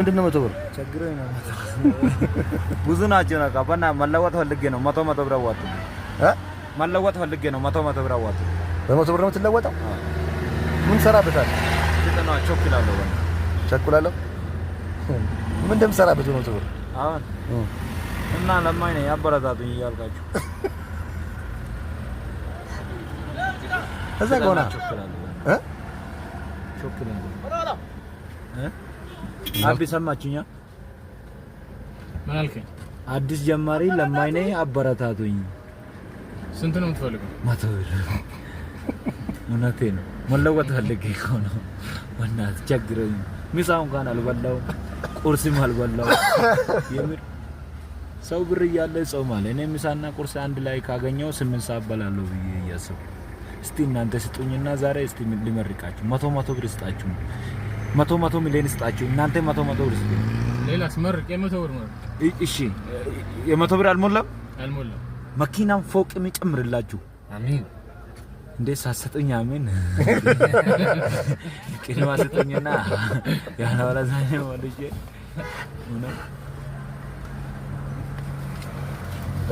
ምንድን ነው መቶ ብር ቸግሮኝ ነው። ብዙ ናቸው ነው ካባና መለወጥ ፈልጌ ነው። መቶ መቶ ብር አዋጡ መለወጥ ፈልጌ ነው። መቶ መቶ ብር አዋጡ። በመቶ ብር ነው የምትለወጠው? ምን ሰራበታል? ጥና ቸኩላለሁ፣ ወን ቸኩላለሁ። ምን እንደምሰራበት ነው ብር አሁን እና ለማኝ ነኝ አበረታቱኝ እያልካችሁ እዛ ጎና እ ቸኩላለሁ አዲስ ሰማችሁኛ? ምን አልከኝ? አዲስ ጀማሪ ለማይኔ አበረታቱኝ። ስንት ነው የምትፈልገው? መቶ ብር። ነው መለወጥ ፈልጌ እኮ ነው። በእናትህ ቸግረኝ። ምሳ እንኳን አልበላሁም፣ ቁርስም አልበላሁም። የምር ሰው ብር እያለ ይጾማል። እኔ ምሳና ቁርስ አንድ ላይ ካገኘው ስምንት ሰዓት እበላለሁ ብዬ እያሰብኩ እስቲ እናንተ ስጡኝና ዛሬ እስቲ ልመርቃችሁ መቶ መቶ ብር ስጣችሁ መቶ መቶ ሚሊዮን ስጣችሁ እናንተ መቶ መቶ ብር ስጡ። ሌላስ መርቅ የመቶ ብር መርቅ። እሺ የመቶ ብር አልሞላም አልሞላም። መኪናም ፎቅ የሚጨምርላችሁ አሜን። እንዴ ሳሰጡኝ አሜን። ቅድማ ሰጡኝና ያለዋላ ዛኔ ወልጄ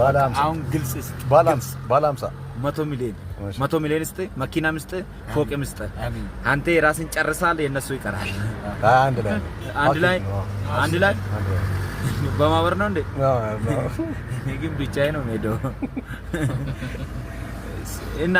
ባላምሳ አሁን ግልጽ ባላምሳ መቶ ሚሊዮን መቶ ሚሊዮን ስጥ፣ መኪና ስጥ፣ ፎቅ ስጥ። አንተ የራስን ጨርሳል፣ የነሱ ይቀራል። አንድ ላይ አንድ ላይ አንድ ላይ በማበር ነው እንዴ? ግን ብቻዬ ነው የምሄደው እና